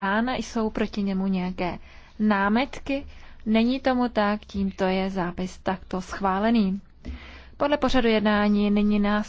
Ána jsou proti němu nějaké námetky? Není tomu tak, tímto je zápis takto schválený. Podle pořadu jednání není nás